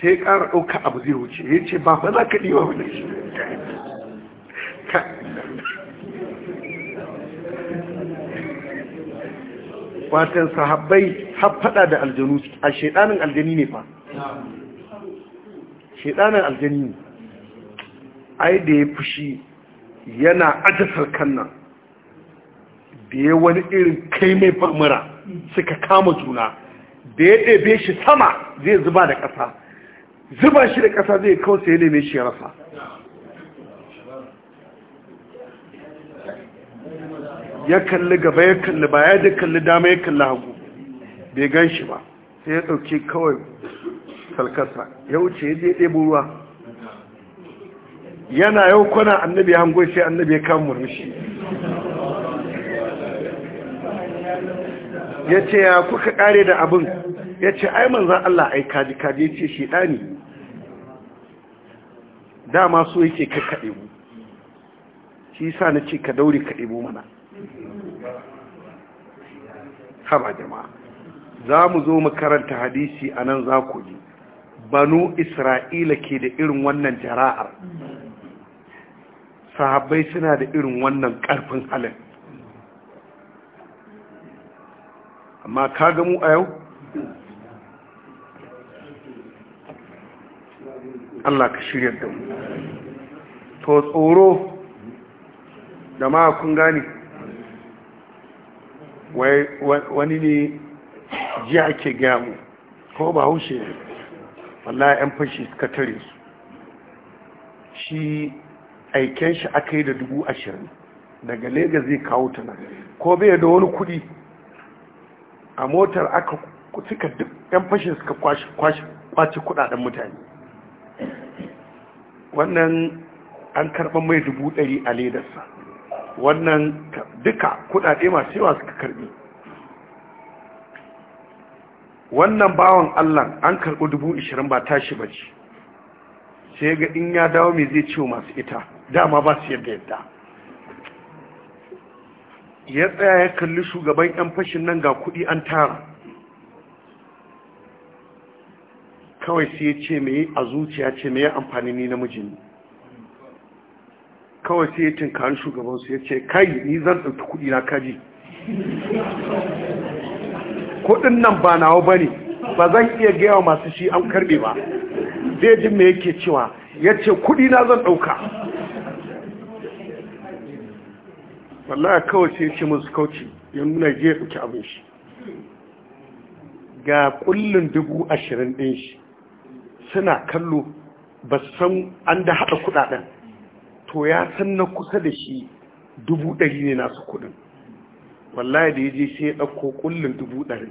A: sai ya ƙara ɗauka abu zai wuce ya ce ba fa za ka iya ba wani shi watan sahabbai haffada da aljanu a shedanin aljani ne fa shedanin aljani ai da ya fushi yana ajasar kanna da ya wani irin kai mai famura suka kama juna da ya ɗebe shi sama zai zuba da ƙasa zuba shi da ƙasa zai kawo sai neme shi ya rasa ya kalli gaba ya kalli ba ya da kalli dama ya kalli hagu bai gan shi ba sai ya ɗauki kawai salkasa ya wuce ya je ɗebo ruwa yana yau kwana annabi hango sai annabi ya kama murmushi ya ce ya kuka ƙare da abin ya ce ai manzan Allah ai kaji kaji ce shi dama so yake ka mu shi sa na ce ka daure kaɗe mu mana haba jama'a za mu zo mu karanta hadisi a nan za ku ji banu isra'ila ke da irin wannan jara'ar sahabbai suna da irin wannan karfin halin amma ka gamu a yau Allah ka shirya da mu to tsoro da ma kun gani wani ne ji ake gamu ko ba haushe ne wallahi 'yan fashi suka tare su shi aiken shi aka yi da dubu ashirin daga Legas zai kawo ta nan ko bai da wani kudi a motar aka suka duk 'yan fashi suka kwace kudaden mutane wannan an karɓar mai dubu ɗari a ledarsa wannan duka kudade masu yawa suka karbi wannan bawan Allah an karbi ishirin ba tashi ba ce sai ga in ya dawo mai zai ciwo masu ita dama ba su yadda yadda ya tsaya ya kalli shugaban 'yan fashin nan ga kudi an tara kawai sai ya ce mai a zuciya ce mai amfani ni na ni? kawai sai ya tinkari shugabansu ya ce kai ni zan ɗauki kuɗi na kaji kuɗin nan ba nawa ba ne ba zan iya gaya masu shi an karɓe ba zai jin me yake cewa ya ce kuɗi na zan ɗauka wallahi kawai sai ya ce musu kauci ya nuna je ya ɗauki abin shi ga kullum dubu ashirin ɗin shi suna kallo ba san an da haɗa kuɗaɗen to ya san na kusa da shi dubu ɗari ne nasu kuɗin wallahi da ya je sai ya ɗauko kullum dubu ɗari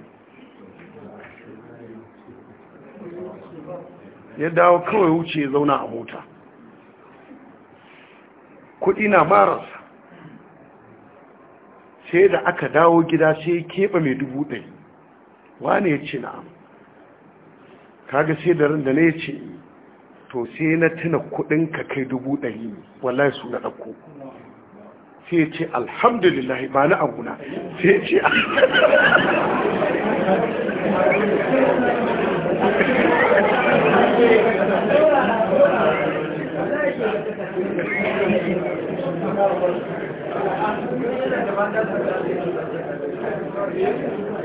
B: ya dawo kawai
A: wuce ya zauna a mota kuɗi na marasa sai da aka dawo gida sai ya keɓa mai dubu ɗari wane ya ce na'am kaga sai da ran da na ya ce to sai na tuna kudin ka kai dubu ɗari ne wallahi su na ɗauko sai ce alhamdulillah ba na abuna sai ce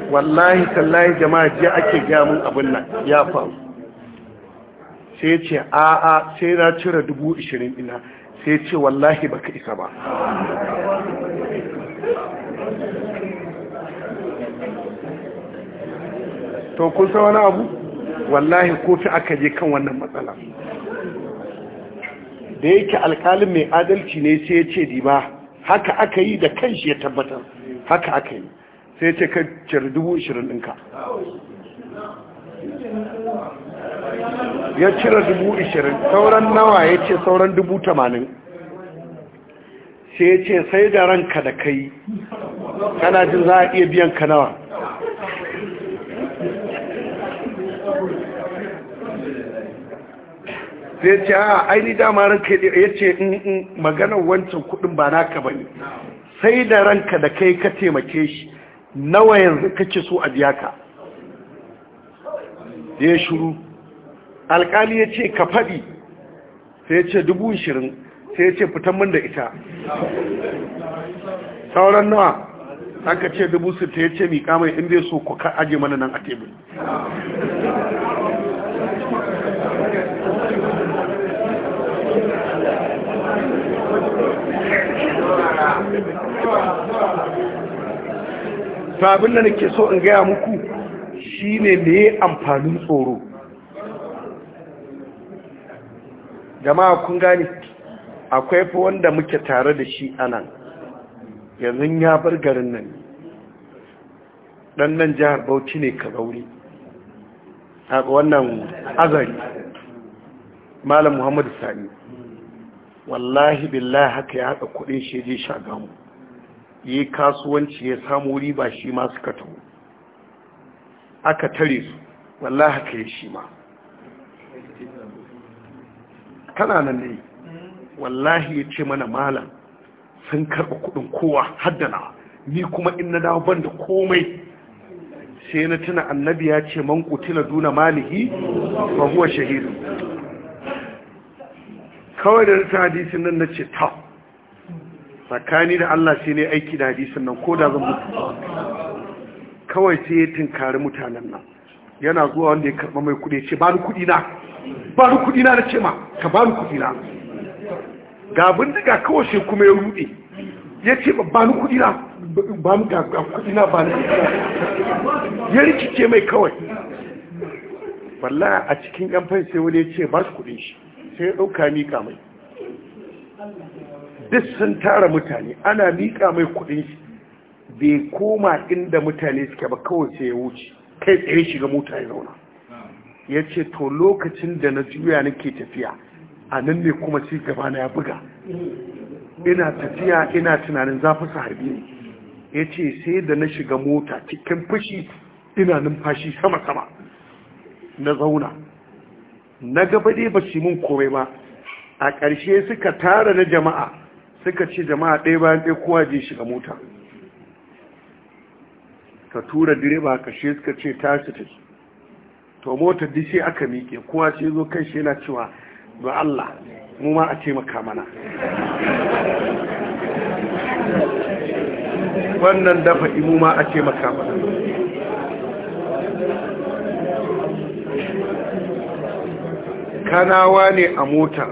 B: wallahi tallahi jama'a jiya ake gamun abin
A: nan ya faru sai ya ce a'a sai na cire dubu ishirin ina sai ce wallahi baka isa ba
B: to kun san wani abu
A: wallahi kofi aka je kan wannan matsala da yake alkalin mai adalci ne sai ya ce diba haka aka yi da kan shi ya tabbatar haka aka yi sai ce ka cire dubu ishirin ɗinka
B: ya cire dubu ishirin sauran nawa ya ce
A: sauran dubu tamanin sai ya ce sai da ranka da kai
B: kana jin za a iya biyan ka nawa
A: sai ce a aini dama ranka ya ce mm, mm, maganar wancan kudin ba naka ba ne sai da ranka da kai ka taimake shi nawa yanzu kake so a biya ka ya shuru alkali ya ce ka faɗi sai ya ce dubu shirin sai ya ce fitan min da ita sauran nawa aka ce dubu sita ya ce miƙa mai inda ya so ku ka aje mana nan a tebur sabin da nake so in gaya muku Shi ne meye amfanin tsoro jama'a kun gani akwai fa wanda muke tare da shi anan yanzu ya bar garin nan dan jihar Bauchi ne ka zauri a wannan azari malam Muhammadu Sani wallahi billahi haka ya haɗa kuɗin shi je shagamu yi kasuwanci ya samu riba shi ma suka aka tare su wallahi haka ya shi ma kana nan ne wallahi ya ce mana malam sun karɓa kuɗin kowa haddana ni kuma in na dawo ban da komai sai na tuna annabi ya ce man tuna duna malihi ba huwa shahidu kawai da rita hadisin nan na ce ta tsakani da Allah sai ne aiki da hadisin nan ko da zan
B: mutu
A: kawai sai ya tinkari mutanen nan yana zuwa wanda ya karɓa mai kuɗi ce bani kuɗi na bani kuɗi na na ce ma ka bani kuɗi na ga bindiga kawai sai kuma ya ruɗe ya ce bani kuɗi na bani ga kuɗi na bani kuɗi na ya rikice mai kawai balla a cikin yan fai sai wani ya ce ba su kuɗin shi sai ya ɗauka miƙa mai duk sun tara mutane ana miƙa mai kuɗin shi bai koma inda mutane suke ba kawai sai ya wuce kai tsaye shiga mota ya zauna ya ce to lokacin da na juya nake tafiya a nan ne kuma ci gaba na ya buga ina tafiya ina tunanin zafi harbi ne ya ce sai da na shiga mota cikin fushi ina numfashi sama-sama na zauna na gaba dai ba su mun kome ba a ƙarshe suka tara na jama'a suka ce jama'a ɗaya bayan ɗaya kowa je shiga mota ka tura direba ka shi suka ce tashi ta shi to motar sai aka miƙe kowa sai zo kai shi yana cewa ba Allah mu ma a taimaka mana wannan dafa imu ma a taimaka mana kanawa ne a motar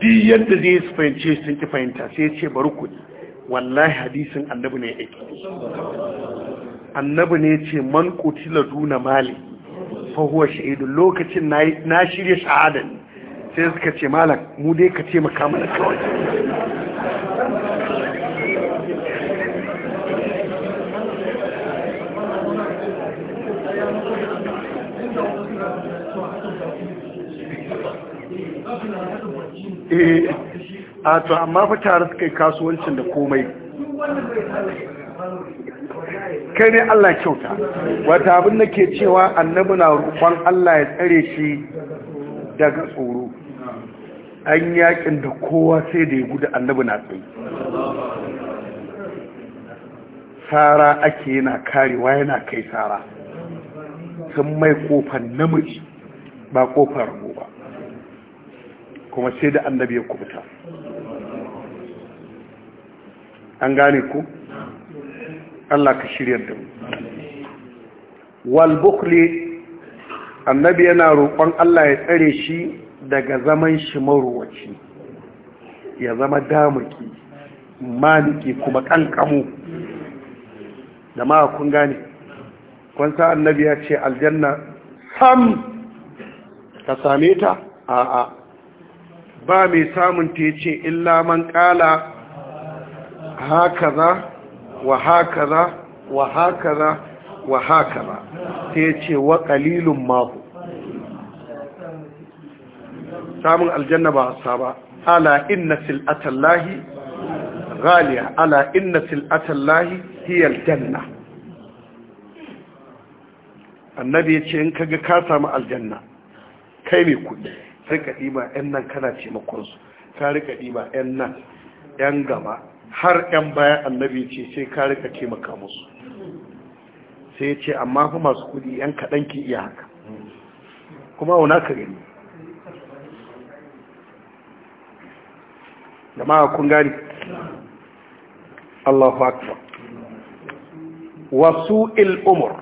A: di yadda zai su fahimce sun ki fahimta sai ce bari kuɗi wallahi hadisin annabi ne ya aiki annabi ne ce man kutila duna mali fa huwa shahidu lokacin na shirya shahada sai suka ce malam mu dai ka ce maka mana kawai eh a to amma fa tare suka yi kasuwancin da komai kai ne Allah kyauta wata abin da ke cewa annabi na rukon Allah ya tsare shi daga tsoro an yakin da kowa sai da ya gudu annabi na tsaye tsara ake yana karewa yana kai tsara sun mai kofar namiji ba kofar ba kuma sai da annabi ya kubuta an gane ku Allah ka shirya da mu wal bukhli annabi yana roƙon Allah ya tsare shi daga zaman shi maruwaci ya zama damuki maliki kuma kankamu da ma kun gane Kwansa annabi ya ce aljanna sam ka same ta a'a ba mai samun ta ce illa man kala haka za wa hakaza wa hakaza wa hakaza sai ya ce wa ƙalilun mahu samun aljanna ba sa ba ala inna lahi, ghaliya ala inna lahi, hiyar janna annabi ya ce in kaga ka samu aljanna kai mai kudi rika ba, 'yan nan kana ce makonsu ka rika ba, 'yan nan 'yan gaba har ‘yan bayan annabi ce sai ka rika taimaka musu sai ce amma fa masu kudi ‘yan kaɗan ke iya haka kuma wuna ka gani da ma kun gani Allahu akbar wasu il'umur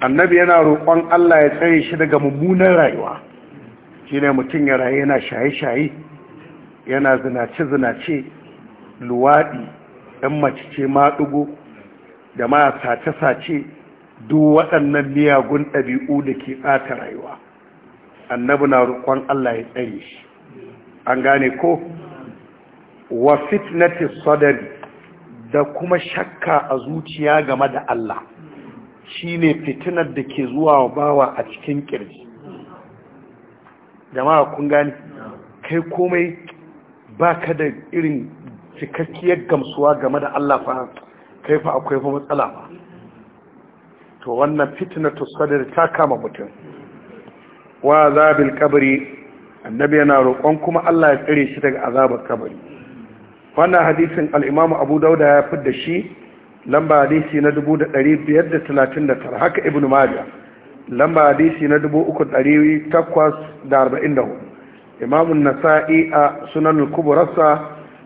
A: annabi yana roƙon Allah ya tsaye shi daga mummunan rayuwa shi ne mutum ya rayu yana shaye-shaye yana zinace-zinace luwaɗi ɗan mace ce maɗugo da ma sace-sace duk waɗannan miyagun ɗabi'u da ke ɓata rayuwa annabi na roƙon Allah ya tsare shi an gane ko wa fitnati sadari da kuma shakka a zuciya game da Allah shine fitinar da ke zuwa wa bawa a cikin kirji jama'a kun gane kai komai baka da irin cikakkiyar gamsuwa game da Allah fa kai fa akwai fa matsala ba to wannan fitnatu sadr ta kama mutum wa azabil qabri annabi yana roƙon kuma Allah ya tsare shi daga azabar kabari wannan hadisin al-Imam Abu dauda ya fidda shi lamba hadisi na 1539 haka Ibn Majah lamba hadisi na 3844 Imam An-Nasa'i a Sunan al-Kubra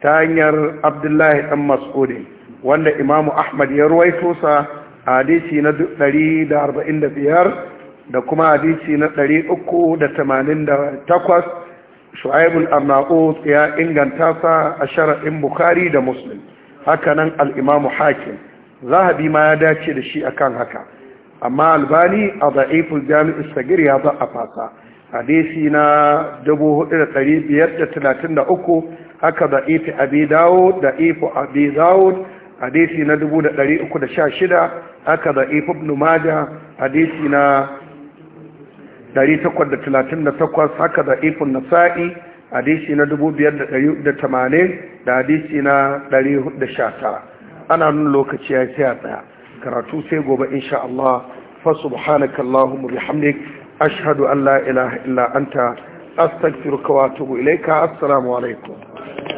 A: ta hanyar abdullahi ɗan mas'udin wanda imamu ahmad ya ruwaito a hadisi na 145 da kuma hadisi na 388 shu'aibul arnaut ya inganta sa a sharaɗin bukhari da muslim hakanan al'imamu hakim zahabi ma ya dace da shi akan haka amma albani a za'iful jami'in sagir ya a fasa hadisi na 4533 haka da da'ifi abi dawud da'ifu abi dawud hadisi na shida haka da'ifu ibn majah hadisi na takwas haka da da'ifu nasa'i hadisi na biyar da hadisi na tara ana nuna lokaci ya sai daya karatu sai gobe insha Allah fa subhanakallahumma bihamdik ashhadu an la ilaha illa anta astaghfiruka wa atubu ilaika assalamu alaikum